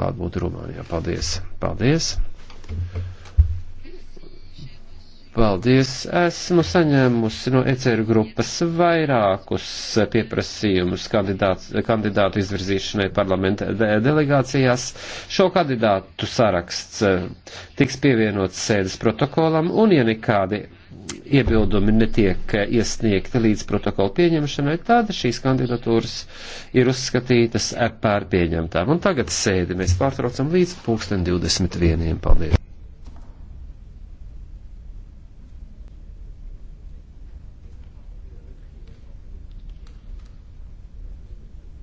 klātbūtu Rumānijā. Paldies! Paldies! Paldies! Esmu saņēmusi no ECR grupas vairākus pieprasījumus kandidātu izvirzīšanai parlamenta de delegācijās. Šo kandidātu saraksts eh, tiks pievienots sēdes protokolam un, ja nekādi iebildumi netiek iesniegti līdz protokola pieņemšanai, tad šīs kandidatūras ir uzskatītas par pieņemtām. Un tagad sēdi mēs pārtraucam līdz pulksten 21. Paldies!